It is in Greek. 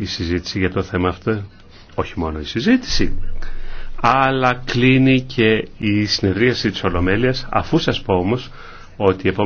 η συζήτηση για το θέμα αυτό. Όχι μόνο η συζήτηση, αλλά κλείνει και η συνεδρίαση της Ολομέλειας. Αφού σας πω όμως ότι η